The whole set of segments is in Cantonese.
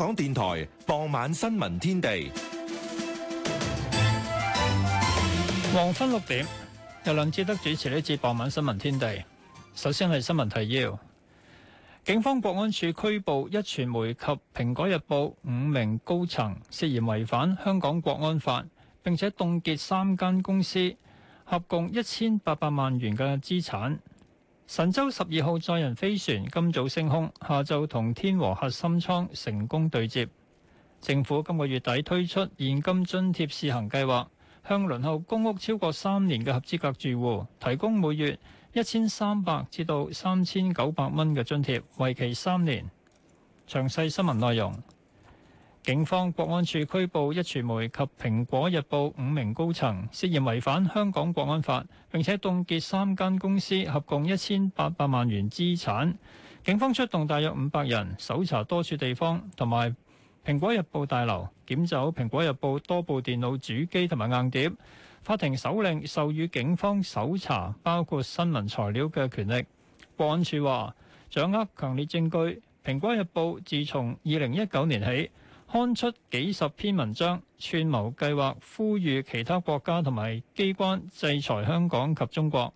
香港電台傍晚新聞天地，黃昏六點由梁智德主持呢節傍晚新聞天地。首先係新聞提要：警方國安處拘捕一傳媒及蘋果日報五名高層，涉嫌違反香港國安法，並且凍結三間公司合共一千八百萬元嘅資產。神舟十二號載人飛船今早升空，下晝同天和核心艙成功對接。政府今個月底推出現金津貼試行計劃，向輪候公屋超過三年嘅合資格住戶提供每月一千三百至到三千九百蚊嘅津貼，為期三年。詳細新聞內容。警方國安處拘捕一傳媒及蘋果日報五名高層，涉嫌違反香港國安法，並且凍結三間公司合共一千八百萬元資產。警方出動大約五百人，搜查多處地方，同埋蘋果日報大樓，檢走蘋果日報多部電腦主機同埋硬碟。法庭手令授予警方搜查包括新聞材料嘅權力。國安處話，掌握強烈證據，蘋果日報自從二零一九年起。刊出幾十篇文章，串謀計劃呼籲其他國家同埋機關制裁香港及中國。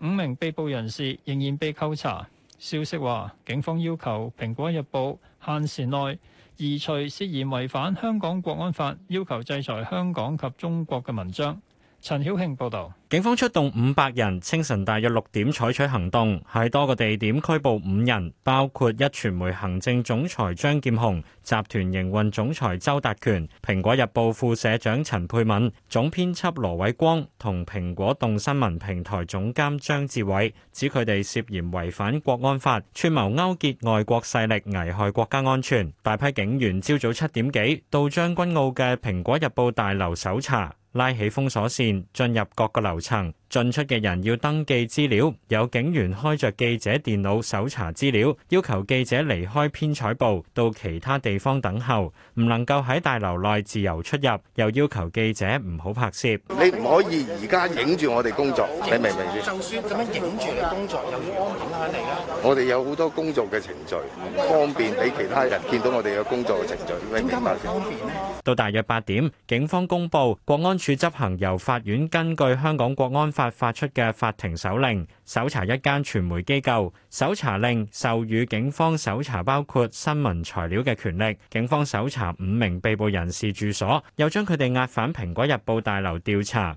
五名被捕人士仍然被扣查。消息話，警方要求蘋果日報限時內移除涉嫌違反香港國安法、要求制裁香港及中國嘅文章。陳曉慶報道，警方出動五百人，清晨大約六點採取行動，喺多個地點拘捕五人，包括一傳媒行政總裁張劍虹、集團營運總裁周達權、蘋果日報副社長陳佩敏、總編輯羅偉光同蘋果動新聞平台總監張志偉，指佢哋涉嫌違反國安法，串謀勾結外國勢力，危害國家安全。大批警員朝早七點幾到將軍澳嘅蘋果日報大樓搜查。拉起封鎖線，進入各個樓層。進出嘅人要登記資料，有警員開著記者電腦搜查資料，要求記者離開編採部，到其他地方等候，唔能夠喺大樓內自由出入，又要求記者唔好拍攝。你唔可以而家影住我哋工作，你明唔明先？就算咁樣影住你工作，有啲方便啦，嚟啦。我哋有好多工作嘅程序，唔方便俾其他人見到我哋嘅工作嘅程序。點解唔方便呢？到大約八點，警方公布，國安處執行由法院根據香港國安法。發出嘅法庭手令，搜查一間傳媒機構。搜查令授予警方搜查包括新聞材料嘅權力。警方搜查五名被捕人士住所，又將佢哋押返《蘋果日報》大樓調查。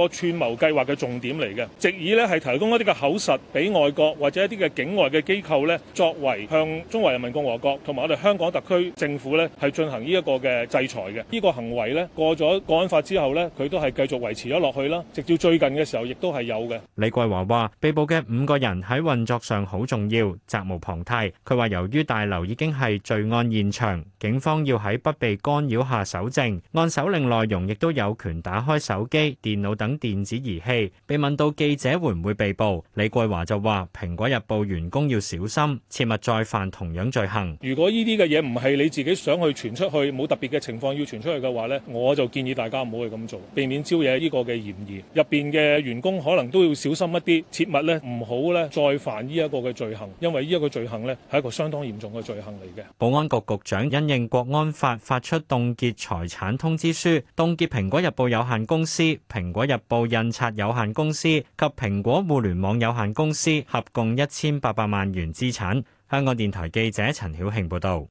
個串謀計劃嘅重點嚟嘅，藉以咧係提供一啲嘅口實俾外國或者一啲嘅境外嘅機構咧，作為向中華人民共和國同埋我哋香港特區政府咧係進行呢一個嘅制裁嘅。呢個行為咧過咗《國安法》之後咧，佢都係繼續維持咗落去啦。直至最近嘅時候，亦都係有嘅。李桂華話：被捕嘅五個人喺運作上好重要，責無旁貸。佢話由於大樓已經係罪案現場，警方要喺不被干擾下蒐證，按手令內容亦都有權打開手機、電腦等。電子儀器被問到記者會唔會被捕，李桂華就話：蘋果日報員工要小心，切勿再犯同樣罪行。如果呢啲嘅嘢唔係你自己想去傳出去，冇特別嘅情況要傳出去嘅話呢，我就建議大家唔好去咁做，避免招惹呢個嘅嫌疑。入邊嘅員工可能都要小心一啲，切勿呢，唔好呢再犯呢一個嘅罪行，因為呢一個罪行呢係一個相當嚴重嘅罪行嚟嘅。保安局局長因應國安法發出凍結財產通知書，凍結蘋果日報有限公司，蘋果日。報印刷有限公司及蘋果互聯網有限公司合共一千八百萬元資產。香港電台記者陳曉慶報道。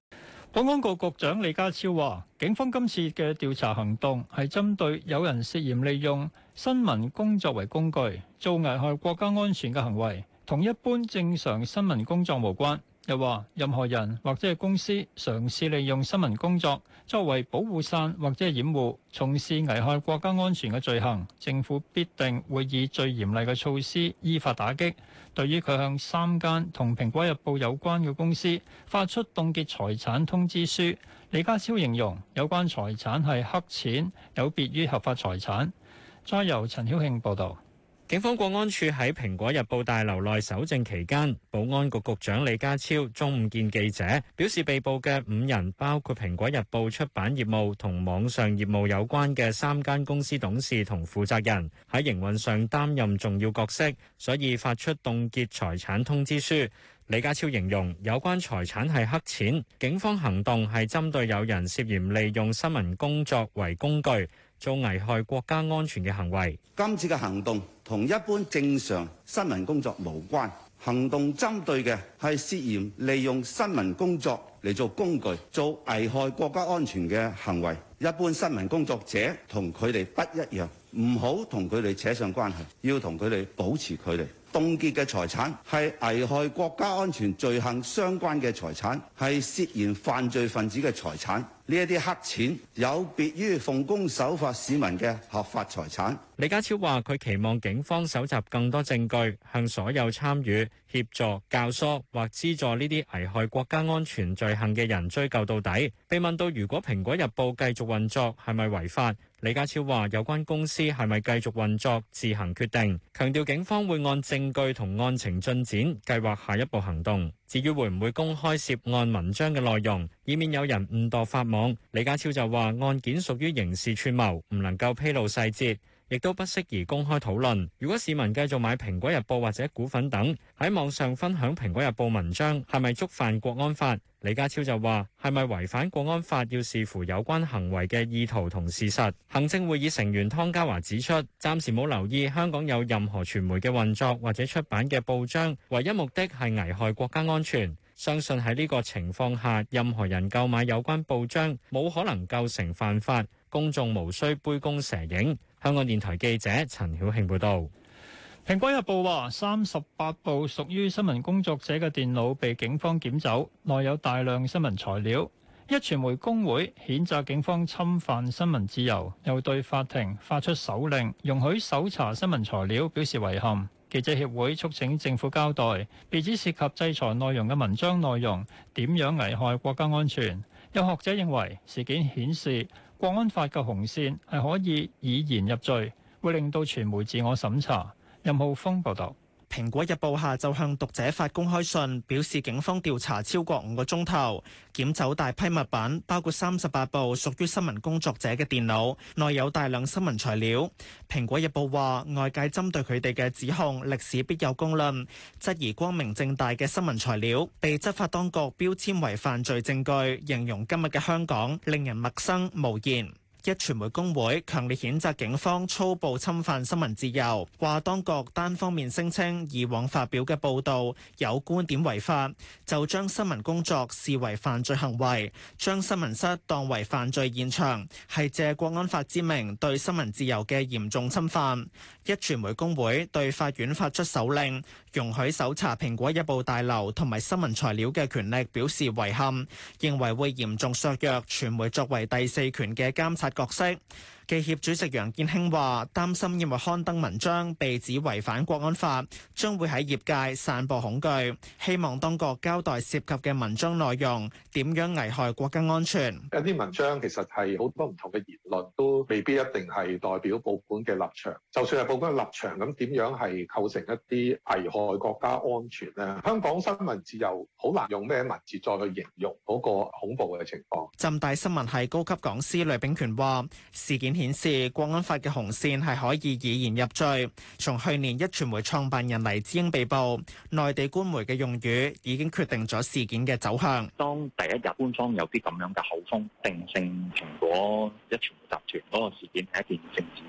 保安局局長李家超話，警方今次嘅調查行動係針對有人涉嫌利用新聞工作為工具做危害國家安全嘅行為，同一般正常新聞工作無關。又話，任何人或者係公司嘗試利用新聞工作作為保護傘或者係掩護，從事危害國家安全嘅罪行，政府必定會以最嚴厲嘅措施依法打擊。對於佢向三間同《蘋果日報》有關嘅公司發出凍結財產通知書，李家超形容有關財產係黑錢，有別於合法財產。再由陳曉慶報道。警方國安處喺蘋果日報大樓內搜證期間，保安局局長李家超中午見記者，表示被捕嘅五人包括蘋果日報出版業務同網上業務有關嘅三間公司董事同負責人喺營運上擔任重要角色，所以發出凍結財產通知書。李家超形容有關財產係黑錢，警方行動係針對有人涉嫌利用新聞工作為工具做危害國家安全嘅行為。今次嘅行動，同一般正常新聞工作無關，行動針對嘅係涉嫌利用新聞工作嚟做工具，做危害國家安全嘅行為。一般新聞工作者同佢哋不一樣，唔好同佢哋扯上關係，要同佢哋保持距離。凍結嘅財產係危害國家安全罪行相關嘅財產，係涉嫌犯罪分子嘅財產。呢一啲黑錢有別於奉公守法市民嘅合法財產。李家超話：佢期望警方搜集更多證據，向所有參與、協助、教唆或資助呢啲危害國家安全罪行嘅人追究到底。被問到，如果《蘋果日報》繼續運作係咪違法？李家超話：有關公司係咪繼續運作，自行決定。強調警方會按證據同案情進展，計劃下一步行動。至於會唔會公開涉案文章嘅內容，以免有人誤墮法網，李家超就話案件屬於刑事串謀，唔能夠披露細節。亦都不適宜公開討論。如果市民繼續買蘋果日報或者股份等喺網上分享蘋果日報文章，係咪觸犯國安法？李家超就話，係咪違反國安法，要視乎有關行為嘅意圖同事實。行政會議成員湯家驊指出，暫時冇留意香港有任何傳媒嘅運作或者出版嘅報章，唯一目的係危害國家安全。相信喺呢個情況下，任何人購買有關報章，冇可能構成犯法，公眾無需杯弓蛇影。香港電台記者陳曉慶報道，蘋果日報話，三十八部屬於新聞工作者嘅電腦被警方檢走，內有大量新聞材料。壹傳媒工會譴責警方侵犯新聞自由，又對法庭發出手令，容許搜查新聞材料，表示遺憾。記者協會促請政府交代，被指涉及制裁內容嘅文章內容點樣危害國家安全。有學者認為，事件顯示。《國安法》嘅紅線係可以以言入罪，會令到傳媒自我審查。任浩峰報道。蘋果日報下晝，就向讀者發公開信，表示警方調查超過五個鐘頭，檢走大批物品，包括三十八部屬於新聞工作者嘅電腦，內有大量新聞材料。蘋果日報話，外界針對佢哋嘅指控，歷史必有公論，質疑光明正大嘅新聞材料被執法當局標籤為犯罪證據，形容今日嘅香港令人陌生無言。一傳媒工會強烈譴責警方粗暴侵犯新聞自由，話當局單方面聲稱以往發表嘅報導有觀點違法，就將新聞工作視為犯罪行為，將新聞室當為犯罪現場，係借國安法之名對新聞自由嘅嚴重侵犯。一傳媒工會對法院發出手令，容許搜查蘋果日報大樓同埋新聞材料嘅權力表示遺憾，認為會嚴重削弱傳媒作為第四權嘅監察角色。記協主席楊建興話，擔心因為刊登文章被指違反國安法，將會喺業界散播恐懼。希望當局交代涉及嘅文章內容，點樣危害國家安全。一啲文章其實係好多唔同嘅言論，都未必一定係代表報館嘅立場。就算係報館立場，咁點樣係構成一啲危害國家安全呢？香港新聞自由好難用咩文字再去形容嗰個恐怖嘅情況。浸大新聞系高級講師呂炳權話，事件。顯示《國安法》嘅紅線係可以以言入罪。從去年壹傳媒創辦人黎智英被捕，內地官媒嘅用語已經決定咗事件嘅走向。當第一日官方有啲咁樣嘅口風，定性蘋果壹傳媒集團嗰個事件係一件政治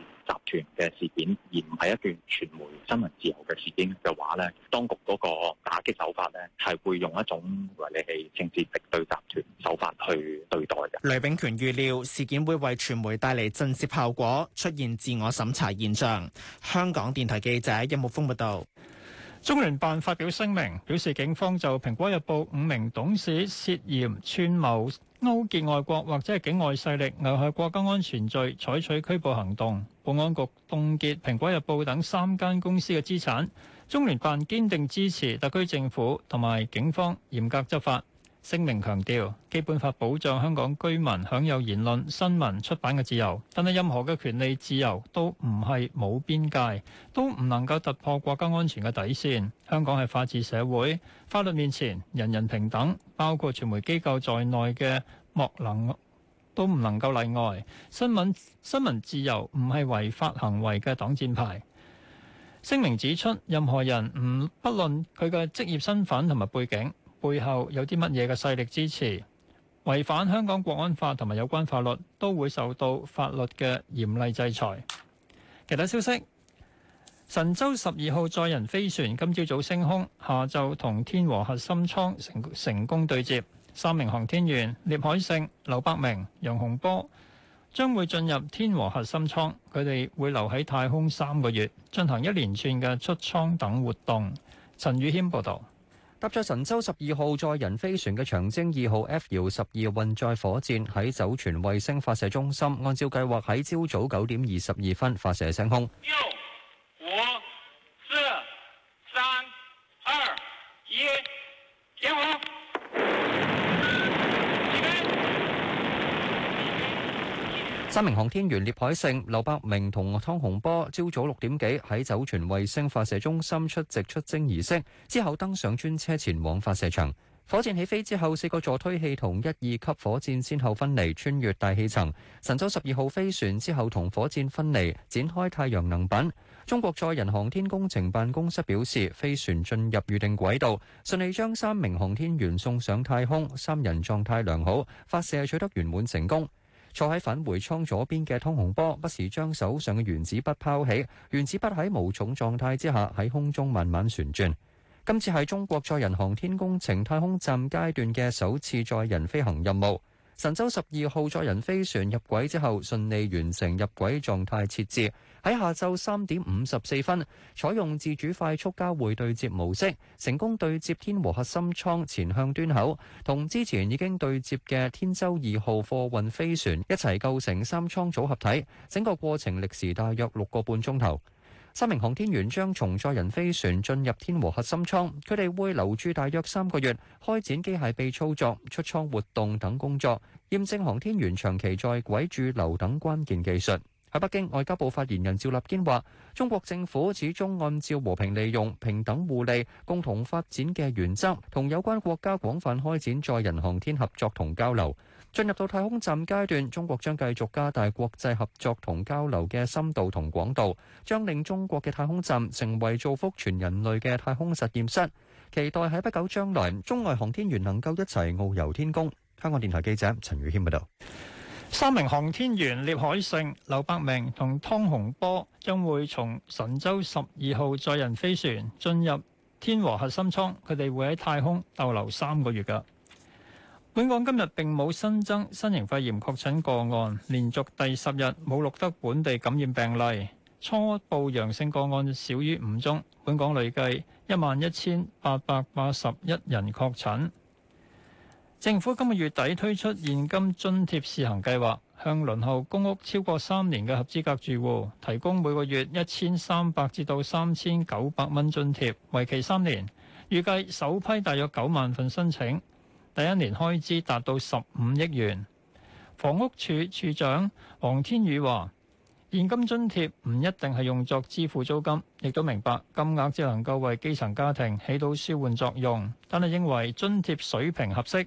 集團嘅事件，而唔係一段傳媒新聞自由嘅事件嘅話呢，當局嗰個打擊手法呢，係會用一種話你係政治敵對集團手法去對待嘅。雷炳權預料事件會為傳媒帶嚟震懾效果，出現自我審查現象。香港電台記者殷木峰報道，中聯辦發表聲明表示，警方就《蘋果日報》五名董事涉嫌串謀勾結外國或者係境外勢力，危害國家安全罪，採取拘捕行動。保安局凍結蘋果日報等三間公司嘅資產，中聯辦堅定支持特區政府同埋警方嚴格執法。聲明強調，基本法保障香港居民享有言論、新聞出版嘅自由，但係任何嘅權利自由都唔係冇邊界，都唔能夠突破國家安全嘅底線。香港係法治社會，法律面前，人人平等，包括傳媒機構在內嘅莫能。都唔能夠例外。新聞新聞自由唔係違法行為嘅擋箭牌。聲明指出，任何人唔不，不論佢嘅職業身份同埋背景，背後有啲乜嘢嘅勢力支持，違反香港國安法同埋有關法律，都會受到法律嘅嚴厲制裁。其他消息，神舟十二號載人飛船今朝早升空，下晝同天和核心艙成成功對接。三名航天員聶海勝、劉伯明、楊洪波將會進入天和核心艙，佢哋會留喺太空三個月，進行一連串嘅出艙等活動。陳宇謙報道，搭載神舟十二號載人飛船嘅長征二號 F 遙十二運載火箭喺酒泉衛星發射中心，按照計劃喺朝早九點二十二分發射升空。六、五、四、三、二、一、點火。三名航天員聶海勝、劉伯明同湯洪波，朝早六點幾喺酒泉衛星發射中心出席出征儀式，之後登上專車前往發射場。火箭起飛之後，四個助推器同一二級火箭先後分離，穿越大氣層。神舟十二號飛船之後同火箭分離，展開太陽能板。中國載人航天工程辦公室表示，飛船進入預定軌道，順利將三名航天員送上太空，三人狀態良好，發射取得圓滿成功。坐喺返回艙左邊嘅湯洪波不時將手上嘅原子筆拋起，原子筆喺無重狀態之下喺空中慢慢旋轉，今次係中國載人航天工程太空站階段嘅首次載人飛行任務，神舟十二號載人飛船入軌之後順利完成入軌狀態設置。喺下晝三點五十四分，採用自主快速交匯對接模式，成功對接天和核心艙前向端口，同之前已經對接嘅天舟二號貨運飛船一齊構成三艙組合體。整個過程歷時大約六個半鐘頭。三名航天員將載人飛船進入天和核心艙，佢哋會留住大約三個月，開展機械臂操作、出艙活動等工作，驗證航天員長期在軌駐留等關鍵技術。喺北京，外交部發言人趙立堅話，中國政府始終按照和平利用、平等互利、共同發展嘅原則，同有關國家廣泛開展載人航天合作同交流。進入到太空站階段，中國將繼續加大國際合作同交流嘅深度同廣度，將令中國嘅太空站成為造福全人類嘅太空實驗室。期待喺不久將來，中外航天員能夠一齊遨遊天宮。香港電台記者陳宇謙報道。三名航天員聶海勝、劉伯明同湯洪波將會從神舟十二號載人飛船進入天和核心艙，佢哋會喺太空逗留三個月噶。本港今日並冇新增新型肺炎確診個案，連續第十日冇錄得本地感染病例，初步陽性個案少於五宗，本港累計一萬一千八百八十一人確診。政府今個月底推出現金津貼試行計劃，向輪候公屋超過三年嘅合資格住戶提供每個月一千三百至到三千九百蚊津貼，為期三年。預計首批大約九萬份申請，第一年開支達到十五億元。房屋署署長黃天宇話：現金津貼唔一定係用作支付租金，亦都明白金額只能夠為基層家庭起到舒緩作用，但係認為津貼水平合適。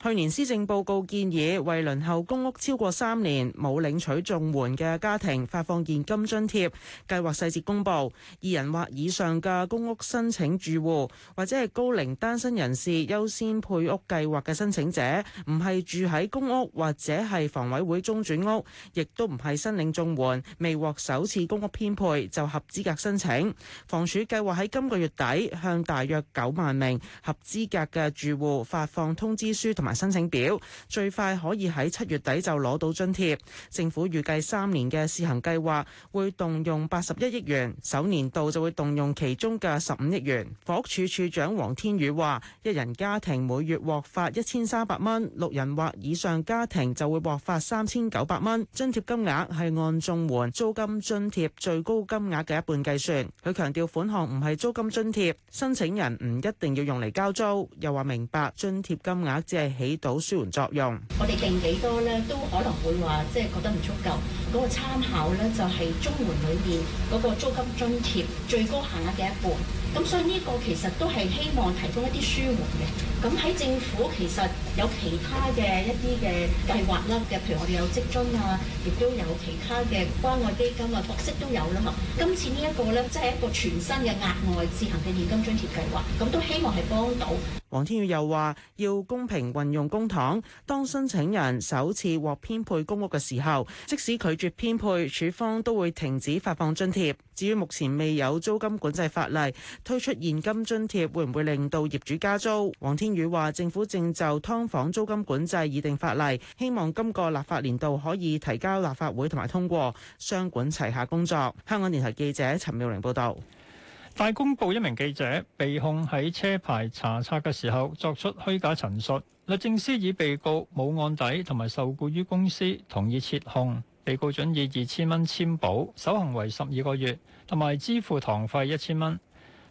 去年施政報告建議為輪候公屋超過三年冇領取綜援嘅家庭發放現金津貼，計劃細節公布。二人或以上嘅公屋申請住戶，或者係高齡單身人士優先配屋計劃嘅申請者，唔係住喺公屋或者係房委會中轉屋，亦都唔係申領綜援、未獲首次公屋編配就合資格申請。房署計劃喺今個月底向大約九萬名合資格嘅住戶發放通知書同埋。申請表最快可以喺七月底就攞到津貼。政府預計三年嘅試行計劃會動用八十一億元，首年度就會動用其中嘅十五億元。房屋署署長黃天宇話：一人家庭每月獲發一千三百蚊，六人或以上家庭就會獲發三千九百蚊。津貼金額係按綜援租金津貼最高金額嘅一半計算。佢強調款項唔係租金津貼，申請人唔一定要用嚟交租。又話明白津貼金額只係。起到舒緩作用。我哋定幾多咧，都可能會話，即係覺得唔足夠。嗰個參考咧，就係綜援裏邊嗰個租金津貼最高限額嘅一半。咁所以呢個其實都係希望提供一啲舒緩嘅。咁喺政府其實有其他嘅一啲嘅計劃啦嘅，譬如我哋有積金啊，亦都有其他嘅關愛基金啊，各式都有啦嘛。今次呢一個咧，即係一個全新嘅額外自行嘅現金津貼計劃，咁都希望係幫到。黃天宇又話要公平運用公帑，當申請人首次獲編配公屋嘅時候，即使拒絕編配，署方都會停止發放津貼。至於目前未有租金管制法例，推出現金津貼會唔會令到業主加租？黃天宇話：政府正就劏房租金管制擬定法例，希望今個立法年度可以提交立法會同埋通過，雙管齊下工作。香港電台記者陳妙玲報道。大公報一名記者被控喺車牌查冊嘅時候作出虛假陳述，律政司以被告冇案底同埋受雇於公司，同意撤控。被告准以二千蚊簽保，守行為十二個月，同埋支付堂費一千蚊。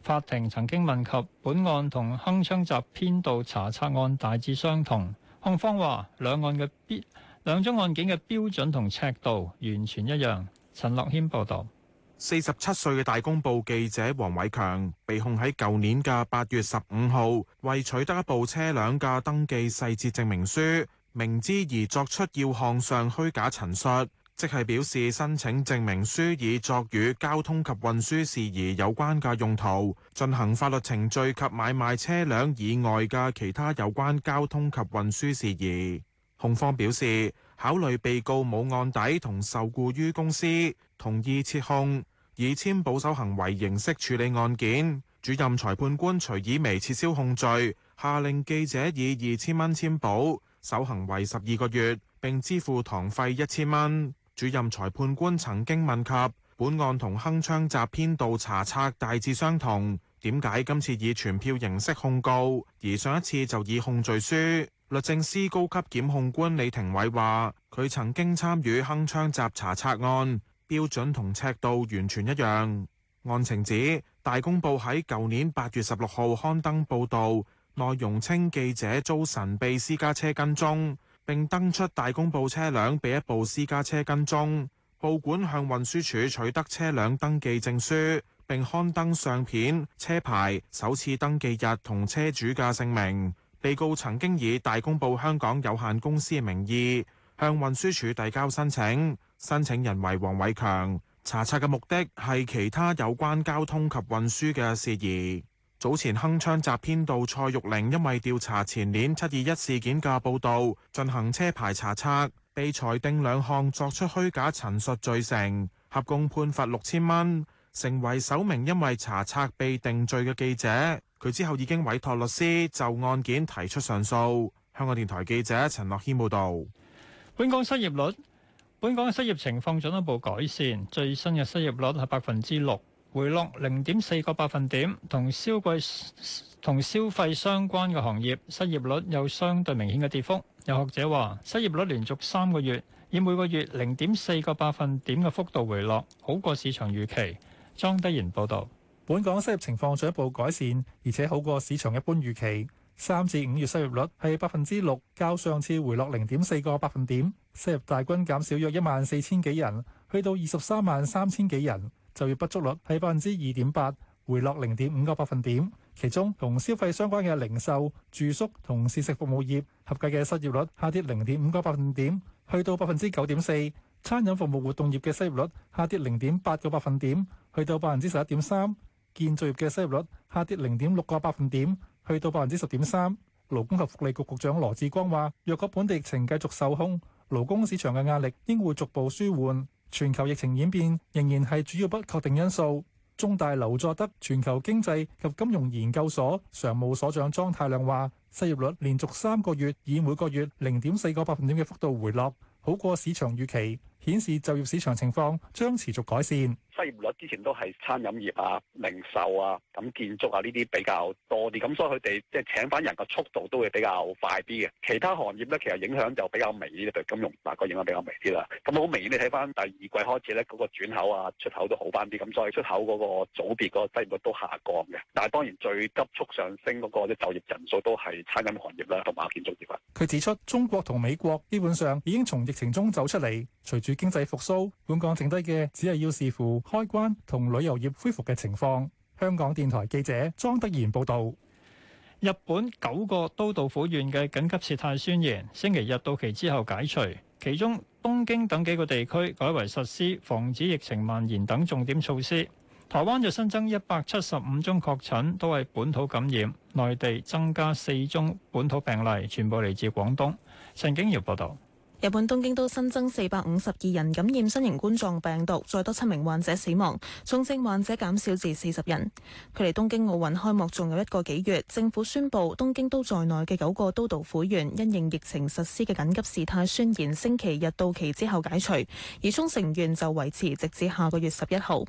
法庭曾經問及本案同鏗鏘集編導查冊案大致相同，控方話兩案嘅必兩宗案件嘅標準同尺度完全一樣。陳樂謙報道。四十七歲嘅大公報記者黃偉強被控喺舊年嘅八月十五號為取得一部車輛嘅登記細節證明書，明知而作出要項上虛假陳述。即係表示申請證明書以作與交通及運輸事宜有關嘅用途，進行法律程序及買賣車輛以外嘅其他有關交通及運輸事宜。控方表示考慮被告冇案底同受僱於公司，同意撤控，以簽保守行為形式處理案件。主任裁判官徐以薇撤銷控罪，下令記者以二千蚊簽保，守行為十二個月，並支付堂費一千蚊。主任裁判官曾經問及本案同《鏗鏘集》編導查冊大致相同，點解今次以傳票形式控告，而上一次就以控罪書？律政司高級檢控官李庭偉話：佢曾經參與《鏗鏘集》查冊案，標準同尺度完全一樣。案情指《大公報》喺舊年八月十六號刊登報導，內容稱記者遭神秘私家車跟蹤。並登出大公報車輛被一部私家車跟蹤，報館向運輸署取得車輛登記證書，並刊登相片、車牌、首次登記日同車主嘅姓名。被告曾經以大公報香港有限公司嘅名義向運輸署遞交申請，申請人為黃偉強。查冊嘅目的係其他有關交通及運輸嘅事宜。早前鏗鏘集編導蔡玉玲，因為調查前年七二一事件嘅報道進行車牌查冊，被裁定兩項作出虛假陳述罪成，合共判罰六千蚊，成為首名因為查冊被定罪嘅記者。佢之後已經委託律師就案件提出上訴。香港電台記者陳諾謙報道。本港失業率，本港嘅失業情況進一步改善，最新嘅失業率係百分之六。回落零點四個百分點，同消,消費同消費相關嘅行業失業率有相對明顯嘅跌幅。有學者話失業率連續三個月以每個月零點四個百分點嘅幅度回落，好過市場預期。莊德賢報道，本港失業情況進一步改善，而且好過市場一般預期。三至五月失業率係百分之六，較上次回落零點四個百分點，失業大軍減少約一萬四千幾人，去到二十三萬三千幾人。就業不足率係百分之二點八，回落零點五個百分點。其中同消費相關嘅零售、住宿同膳食服務業合計嘅失業率下跌零點五個百分點，去到百分之九點四。餐飲服務活動業嘅失業率下跌零點八個百分點，去到百分之十一點三。建造業嘅失業率下跌零點六個百分點，去到百分之十點三。勞工及福利局局長羅致光話：若果本地疫情繼續受控，勞工市場嘅壓力應會逐步舒緩。全球疫情演變仍然係主要不確定因素。中大劉佐德全球經濟及金融研究所常務所長莊太量話，失業率連續三個月以每個月零點四個百分點嘅幅度回落，好過市場預期。顯示就業市場情況將持續改善，失業率之前都係餐飲業啊、零售啊、咁建築啊呢啲、啊、比較多啲，咁所以佢哋即係請翻人嘅速度都會比較快啲嘅。其他行業咧，其實影響就比較微啲，對金融大概影響比較微啲啦。咁好明顯你睇翻第二季開始咧，嗰、那個轉口啊、出口都好翻啲，咁所以出口嗰個組別嗰個失業率都下降嘅。但係當然最急速上升嗰個就業人數都係餐飲行業啦同埋建築業啦、啊。佢指出，中國同美國基本上已經從疫情中走出嚟，隨住經濟復甦，本港剩低嘅只係要視乎開關同旅遊業恢復嘅情況。香港電台記者莊德賢報導。日本九個都道府縣嘅緊急事態宣言星期日到期之後解除，其中東京等幾個地區改為實施防止疫情蔓延等重點措施。台灣就新增一百七十五宗確診，都係本土感染；內地增加四宗本土病例，全部嚟自廣東。陳景耀報道。日本東京都新增四百五十二人感染新型冠狀病毒，再多七名患者死亡，重症患者減少至四十人。距離東京奧運開幕仲有一個幾月，政府宣布東京都在內嘅九個都道府縣因應疫情實施嘅緊急事態宣言星期日到期之後解除，而沖繩縣就維持直至下個月十一號。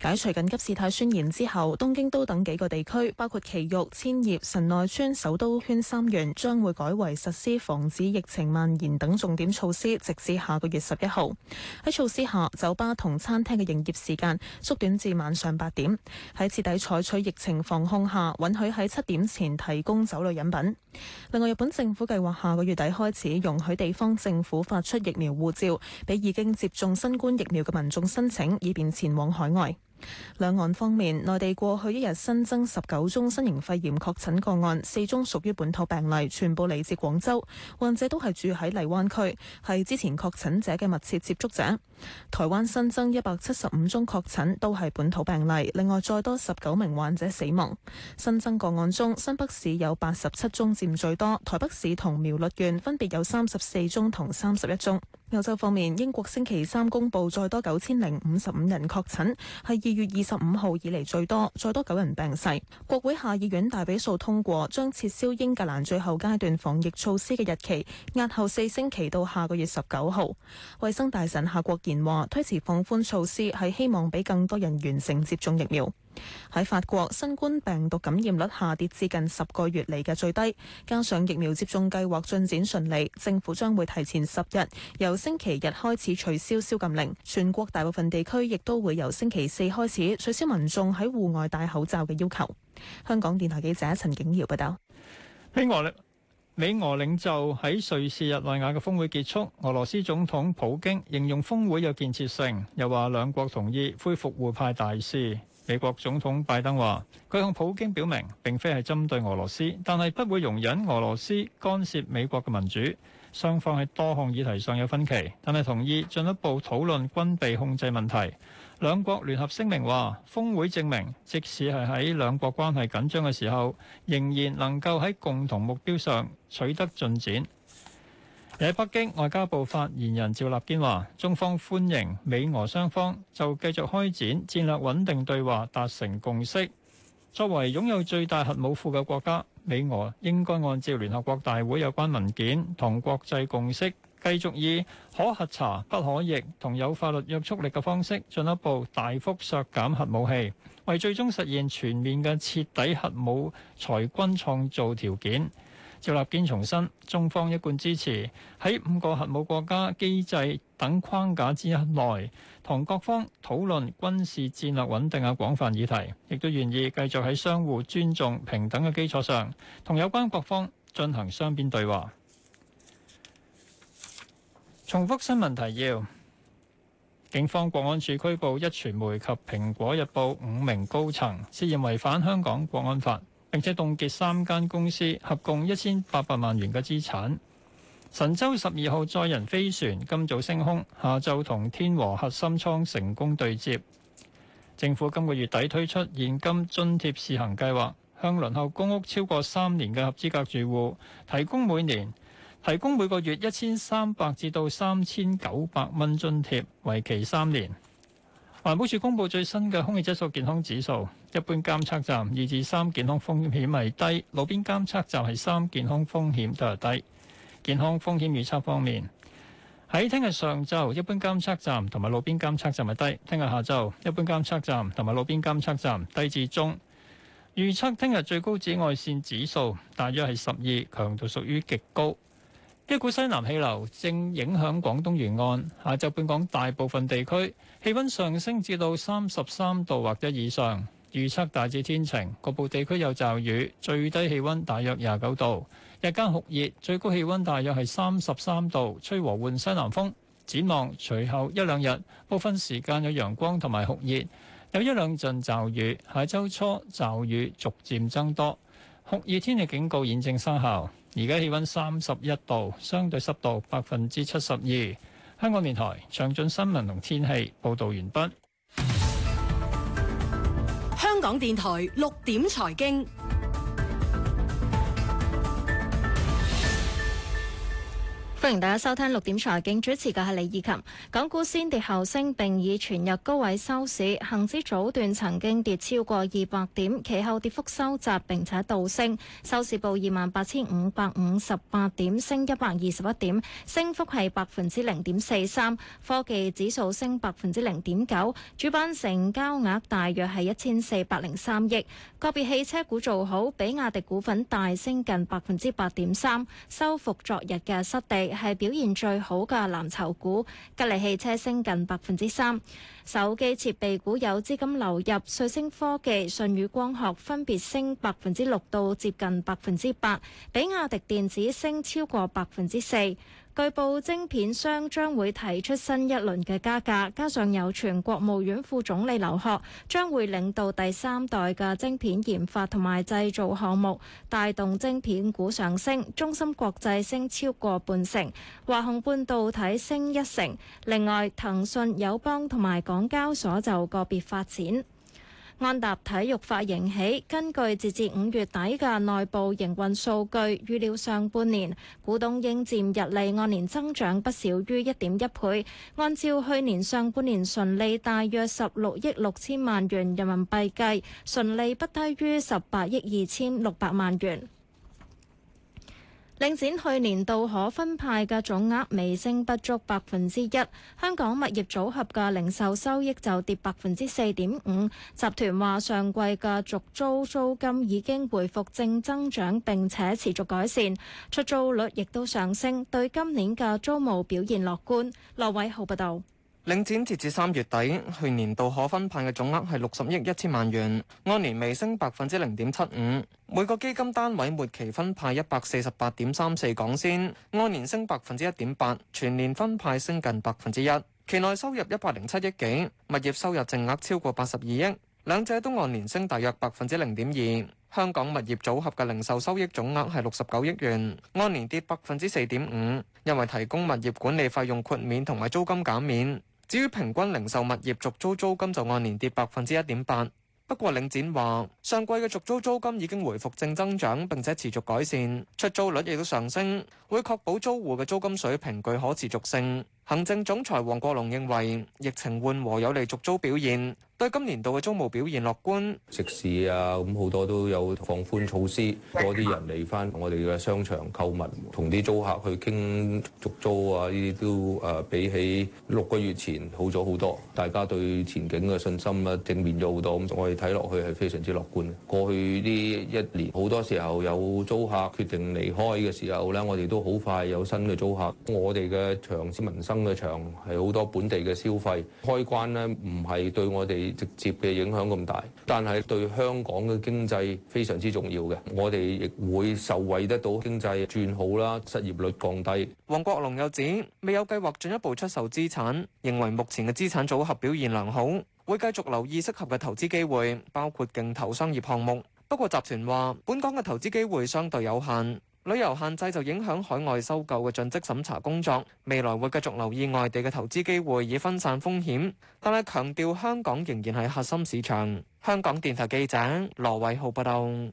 解除緊急事態宣言之後，東京都等幾個地區，包括埼玉、千葉、神奈川首都圈三縣，將會改為實施防止疫情蔓延等重點。措施直至下個月十一號。喺措施下，酒吧同餐廳嘅營業時間縮短至晚上八點。喺徹底採取疫情防控下，允許喺七點前提供酒類飲品。另外，日本政府計劃下個月底開始容許地方政府發出疫苗護照，俾已經接種新冠疫苗嘅民眾申請，以便前往海外。兩岸方面，內地過去一日新增十九宗新型肺炎確診個案，四宗屬於本土病例，全部嚟自廣州，患者都係住喺荔灣區，係之前確診者嘅密切接觸者。台灣新增一百七十五宗確診，都係本土病例，另外再多十九名患者死亡。新增個案中，新北市有八十七宗佔最多，台北市同苗栗縣分別有三十四宗同三十一宗。歐洲方面，英國星期三公布再多九千零五十五人確診，係二月二十五號以嚟最多，再多九人病逝。國會下議院大比數通過，將撤銷英格蘭最後階段防疫措施嘅日期，押後四星期到下個月十九號。衛生大臣夏國賢話，推遲放寬措施係希望俾更多人完成接種疫苗。喺法國，新冠病毒感染率下跌至近十個月嚟嘅最低，加上疫苗接種計劃進展順利，政府將會提前十日由星期日開始取消宵禁令。全國大部分地區亦都會由星期四開始取消民眾喺戶外戴口罩嘅要求。香港電台記者陳景瑤報道。美俄美領袖喺瑞士日內瓦嘅峰會結束，俄羅斯總統普京形容峰會有建設性，又話兩國同意恢復互派大使。美國總統拜登話，佢向普京表明，並非係針對俄羅斯，但係不會容忍俄羅斯干涉美國嘅民主。雙方喺多項議題上有分歧，但係同意進一步討論軍備控制問題。兩國聯合聲明話，峰會證明即使係喺兩國關係緊張嘅時候，仍然能夠喺共同目標上取得進展。喺北京，外交部發言人趙立堅話，中方歡迎美俄雙方就繼續開展戰略穩定對話達成共識。作為擁有最大核武庫嘅國家，美俄應該按照聯合國大會有關文件同國際共識繼續以可核查、不可逆同有法律約束力嘅方式，進一步大幅削減核武器，為最終實現全面嘅徹底核武裁軍創造條件。趙立堅重申，中方一貫支持喺五個核武國家機制等框架之內，同各方討論軍事戰略穩定嘅廣泛議題，亦都願意繼續喺相互尊重、平等嘅基礎上，同有關各方進行雙邊對話。重複新聞提要：警方、國安處拘捕壹傳媒及《蘋果日報》五名高層，涉嫌違反香港國安法。並且凍結三間公司合共一千八百萬元嘅資產。神舟十二號載人飛船今早升空，下晝同天和核心艙成功對接。政府今個月底推出現金津貼試行計劃，向輪候公屋超過三年嘅合資格住戶提供每年提供每個月一千三百至到三千九百蚊津貼，為期三年。環保署公布最新嘅空氣質素健康指數。一般監測站二至三健康風險係低，路邊監測站係三健康風險都係低。健康風險預測方面，喺聽日上晝，一般監測站同埋路邊監測站係低；聽日下晝，一般監測站同埋路邊監測站低至中。預測聽日最高紫外線指數大約係十二，強度屬於極高。一股西南氣流正影響廣東沿岸，下晝本港大部分地區氣温上升至到三十三度或者以上。預測大致天晴，局部地區有驟雨，最低氣溫大約廿九度，日間酷熱，最高氣溫大約係三十三度，吹和緩西南風，展望隨後一兩日，部分時間有陽光同埋酷熱，有一兩陣驟雨，下周初驟雨逐漸增多。酷熱天氣警告現正生效，而家氣溫三十一度，相對濕度百分之七十二。香港電台詳盡新聞同天氣報道完畢。香港電台六點財經。歡迎大家收聽六點財經，主持嘅係李以琴。港股先跌後升，並以全日高位收市。恒指早段曾經跌超過二百點，其後跌幅收窄，並且倒升，收市報二萬八千五百五十八點，升一百二十一點，升幅係百分之零點四三。科技指數升百分之零點九，主板成交額大約係一千四百零三億。個別汽車股做好，比亞迪股份大升近百分之八點三，收復昨日嘅失地。係表現最好嘅藍籌股，吉利汽車升近百分之三，手機設備股有資金流入，瑞聲科技、舜宇光學分別升百分之六到接近百分之八，比亞迪電子升超過百分之四。據報，晶片商將會提出新一輪嘅加價，加上有全國務院副總理劉鶴將會領導第三代嘅晶片研發同埋製造項目，帶動晶片股上升。中芯國際升超過半成，華虹半導體升一成。另外，騰訊、友邦同埋港交所就個別發展。安踏體育發盈喜，根據截至五月底嘅內部營運數據，預料上半年股東應佔溢利按年增長不少於一點一倍。按照去年上半年純利大約十六億六千萬元人民幣計，純利不低於十八億二千六百萬元。領展去年度可分派嘅總額微升不足百分之一，香港物業組合嘅零售收益就跌百分之四點五。集團話上季嘅續租租金已經回復正增長，並且持續改善，出租率亦都上升，對今年嘅租務表現樂觀。羅偉浩報道。領展截至三月底，去年度可分派嘅總額係六十億一千萬元，按年微升百分之零點七五。每個基金單位末期分派一百四十八點三四港仙，按年升百分之一點八，全年分派升近百分之一。期內收入一百零七億幾，物業收入淨額超過八十二億，兩者都按年升大約百分之零點二。香港物業組合嘅零售收益總額係六十九億元，按年跌百分之四點五，因為提供物業管理費用豁免同埋租金減免。至於平均零售物業續租租金就按年跌百分之一點八，不過領展話上季嘅續租租金已經回復正增長，並且持續改善，出租率亦都上升，會確保租戶嘅租金水平具可持續性。行政總裁黃國龍認為疫情緩和有利續租表現。對今年度嘅租務表現樂觀，食肆啊咁好多都有放寬措施，多啲人嚟返我哋嘅商場購物，同啲租客去傾續租啊，呢啲都誒比起六個月前好咗好多，大家對前景嘅信心啊正面咗好多，咁我哋睇落去係非常之樂觀。過去呢一年好多時候有租客決定離開嘅時候咧，我哋都好快有新嘅租客。我哋嘅場，市民生嘅場係好多本地嘅消費開關咧，唔係對我哋。直接嘅影響咁大，但係對香港嘅經濟非常之重要嘅，我哋亦會受惠得到經濟轉好啦，失業率降低。王國龍又指，未有計劃進一步出售資產，認為目前嘅資產組合表現良好，會繼續留意適合嘅投資機會，包括競投商業項目。不過集團話，本港嘅投資機會相對有限。旅遊限制就影響海外收購嘅盡職審查工作，未來會繼續留意外地嘅投資機會，以分散風險，但係強調香港仍然係核心市場。香港電台記者羅偉浩報道。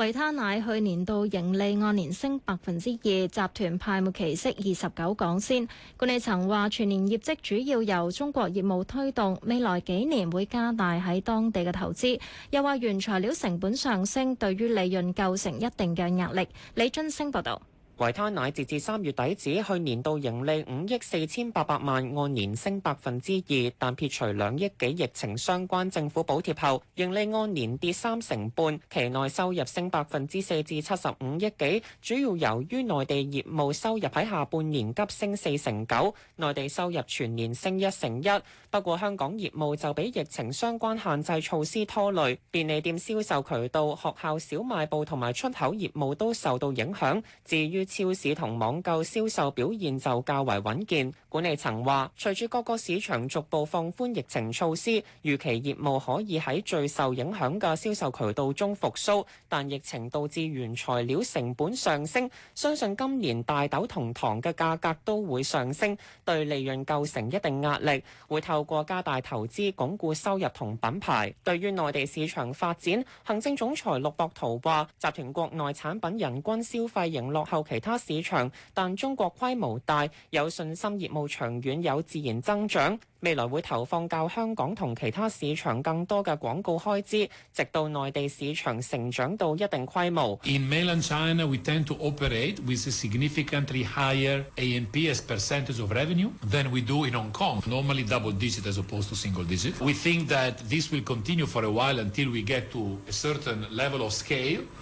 維他奶去年度盈利按年升百分之二，集團派末期息二十九港仙。管理層話全年業績主要由中國業務推動，未來幾年會加大喺當地嘅投資。又話原材料成本上升，對於利潤構成一定嘅壓力。李津星報道。維他奶截至三月底止，去年度盈利五億四千八百萬，按年升百分之二，但撇除兩億幾疫情相關政府補貼後，盈利按年跌三成半。期內收入升百分之四至七十五億幾，主要由於內地業務收入喺下半年急升四成九，內地收入全年升一成一。不過香港業務就俾疫情相關限制措施拖累，便利店銷售渠道、學校小賣部同埋出口業務都受到影響。至於超市同網購銷售表現就較為穩健，管理層話：隨住各個市場逐步放寬疫情措施，預期業務可以喺最受影響嘅銷售渠道中復甦。但疫情導致原材料成本上升，相信今年大豆同糖嘅價格都會上升，對利潤構成一定壓力。會透過加大投資，鞏固收入同品牌。對於內地市場發展，行政總裁陸博圖話：集團國內產品人均消費仍落後期。其他市場，但中國規模大，有信心業務長遠，有自然增長，未來會投放較香港同其他市場更多嘅廣告開支，直到內地市場成長到一定規模。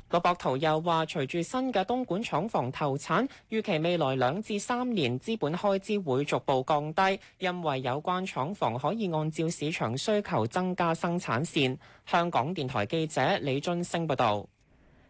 個博圖又話，隨住新嘅東莞廠房投產，預期未來兩至三年資本開支會逐步降低，因為有關廠房可以按照市場需求增加生產線。香港電台記者李津升報道。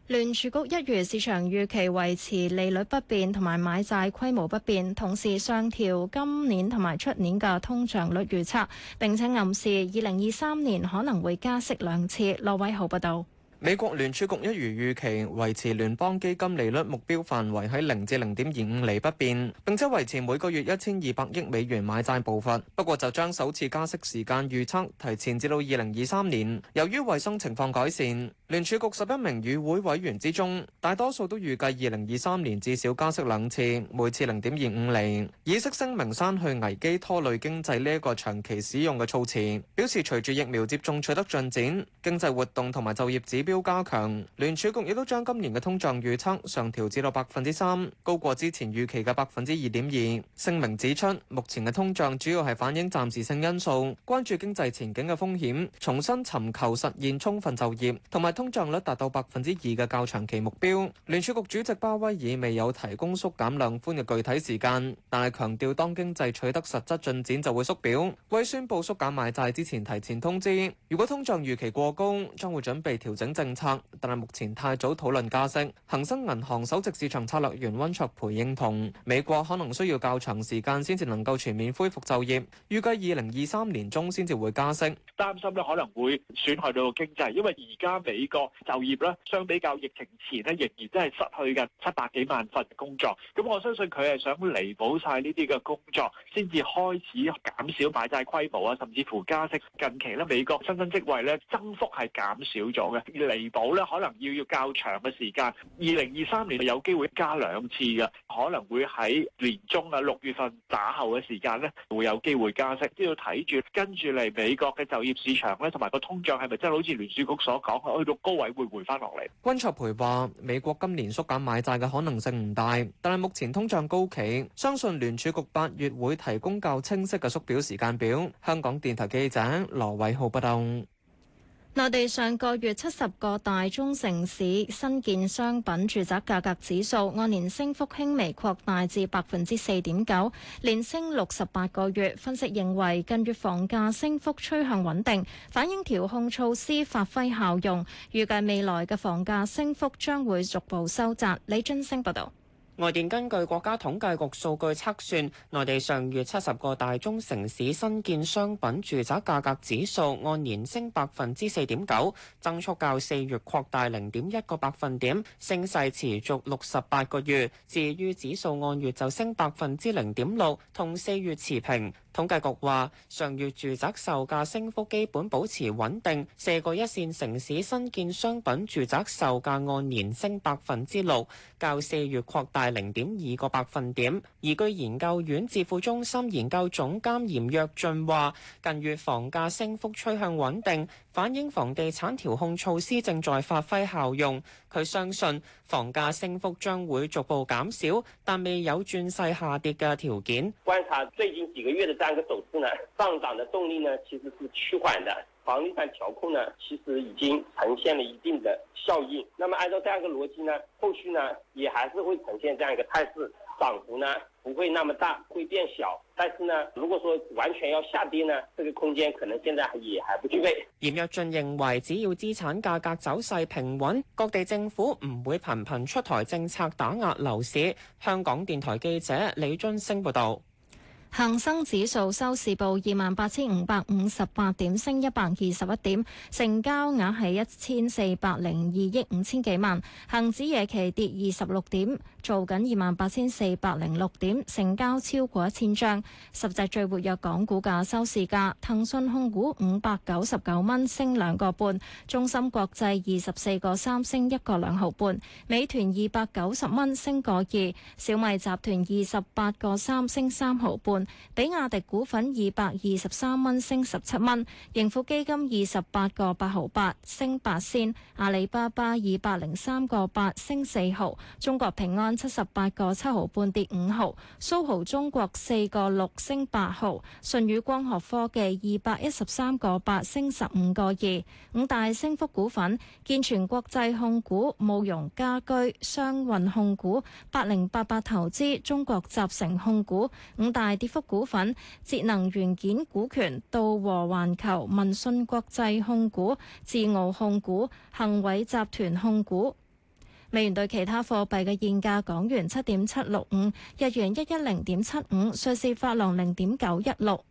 聯儲局一如市場預期維持利率不變同埋買債規模不變，同時上調今年同埋出年嘅通脹率預測，並且暗示二零二三年可能會加息兩次。羅偉豪報道。美國聯儲局一如預期維持聯邦基金利率目標範圍喺零至零點二五厘不變，並且維持每個月一千二百億美元買債步伐。不過就將首次加息時間預測提前至到二零二三年。由於衞生情況改善。聯儲局十一名與會委員之中，大多數都預計二零二三年至少加息兩次，每次零點二五厘，議息聲明刪去危機拖累經濟呢一個長期使用嘅措辭，表示隨住疫苗接種取得進展，經濟活動同埋就業指標加強，聯儲局亦都將今年嘅通脹預測上調至到百分之三，高過之前預期嘅百分之二點二。聲明指出，目前嘅通脹主要係反映暫時性因素，關注經濟前景嘅風險，重新尋求實現充分就業同埋。通脹率達到百分之二嘅較長期目標，聯儲局主席巴威爾未有提供縮減量寬嘅具體時間，但係強調當經濟取得實質進展就會縮表，為宣布縮減買債之前提前通知。如果通脹預期過高，將會準備調整政策，但係目前太早討論加息。恒生銀行首席市場策略員温卓培認同，美國可能需要較長時間先至能夠全面恢復就業，預計二零二三年中先至會加息。擔心咧，可能會損害到經濟，因為而家美個就業咧，相比較疫情前咧，仍然都係失去嘅七百幾萬份工作。咁我相信佢係想彌補晒呢啲嘅工作，先至開始減少買債規模啊，甚至乎加息。近期咧，美國新增職位咧，增幅係減少咗嘅，而彌補咧，可能要要較長嘅時間。二零二三年有機會加兩次嘅，可能會喺年中啊六月份打後嘅時間咧，會有機會加息。都要睇住跟住嚟美國嘅就業市場咧，同埋個通脹係咪真係好似聯儲局所講去到。高位會回翻落嚟。溫卓培話：美國今年縮減買債嘅可能性唔大，但係目前通脹高企，相信聯儲局八月會提供較清晰嘅縮表時間表。香港電台記者羅偉浩報道。內地上個月七十個大中城市新建商品住宅價格指數按年升幅輕微擴大至百分之四點九，連升六十八個月。分析認為，近月房價升幅趨向穩定，反映調控措施發揮效用，預計未來嘅房價升幅將會逐步收窄。李津升報道。外電根據國家統計局數據測算，內地上月七十個大中城市新建商品住宅價格指數按年升百分之四點九，增速較四月擴大零點一個百分點，升勢持續六十八個月。至於指數按月就升百分之零點六，同四月持平。統計局話，上月住宅售價升幅基本保持穩定，四個一線城市新建商品住宅售價按年升百分之六，較四月擴大零點二個百分點，而據研究院智庫中心研究總監嚴躍進話，近月房價升幅趨向穩定。反映房地產調控措施正在發揮效用，佢相信房價升幅將會逐步減少，但未有轉勢下跌嘅條件。觀察最近幾個月的這樣一個走勢呢，上漲的動力呢，其實是趨緩的。房地產調控呢，其實已經呈現了一定的效應。那麼按照這樣一個邏輯呢，後續呢，也還是會呈現這樣一個態勢，漲幅呢，不會那麼大，會變小。但是呢，如果說完全要下跌呢，這個空間可能現在也還不具備。嚴躍進認為，只要資產價格走勢平穩，各地政府唔會頻頻出台政策打壓樓市。香港電台記者李俊升報道。恒生指數收市報二萬八千五百五十八點，升一百二十一點，成交額係一千四百零二億五千幾萬。恒指夜期跌二十六點，做緊二萬八千四百零六點，成交超過一千張。十隻最活躍港股價收市價：騰訊控股五百九十九蚊，升兩個半；中芯國際二十四個三，升一個兩毫半；美團二百九十蚊，升個二；小米集團二十八個三，升三毫半。比亞迪股份二百二十三蚊升十七蚊，盈富基金二十八個八毫八升八仙，阿里巴巴二百零三個八升四毫，中國平安七十八個七毫半跌五毫，蘇豪中國四個六升八毫，舜宇光學科技二百一十三個八升十五個二，五大升幅股份：健全國際控股、慕容家居、商運控股、八零八八投資、中國集成控股。五大跌福股份、節能元件股權、道和環球、民信國際控股、智傲控股、恒偉集團控股。美元對其他貨幣嘅現價：港元七點七六五，日元一一零點七五，瑞士法郎零點九一六。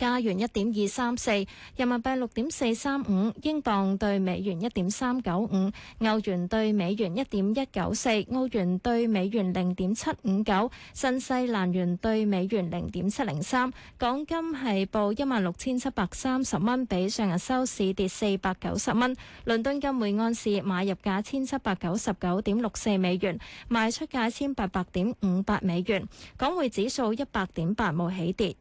加元一點二三四，人民幣六點四三五，英鎊對美元一點三九五，歐元對美元一點一九四，澳元對美元零點七五九，新西蘭元對美元零點七零三。港金係報一萬六千七百三十蚊，比上日收市跌四百九十蚊。倫敦金每盎司買入價千七百九十九點六四美元，賣出價千八百點五八美元。港匯指數一百點八冇起跌。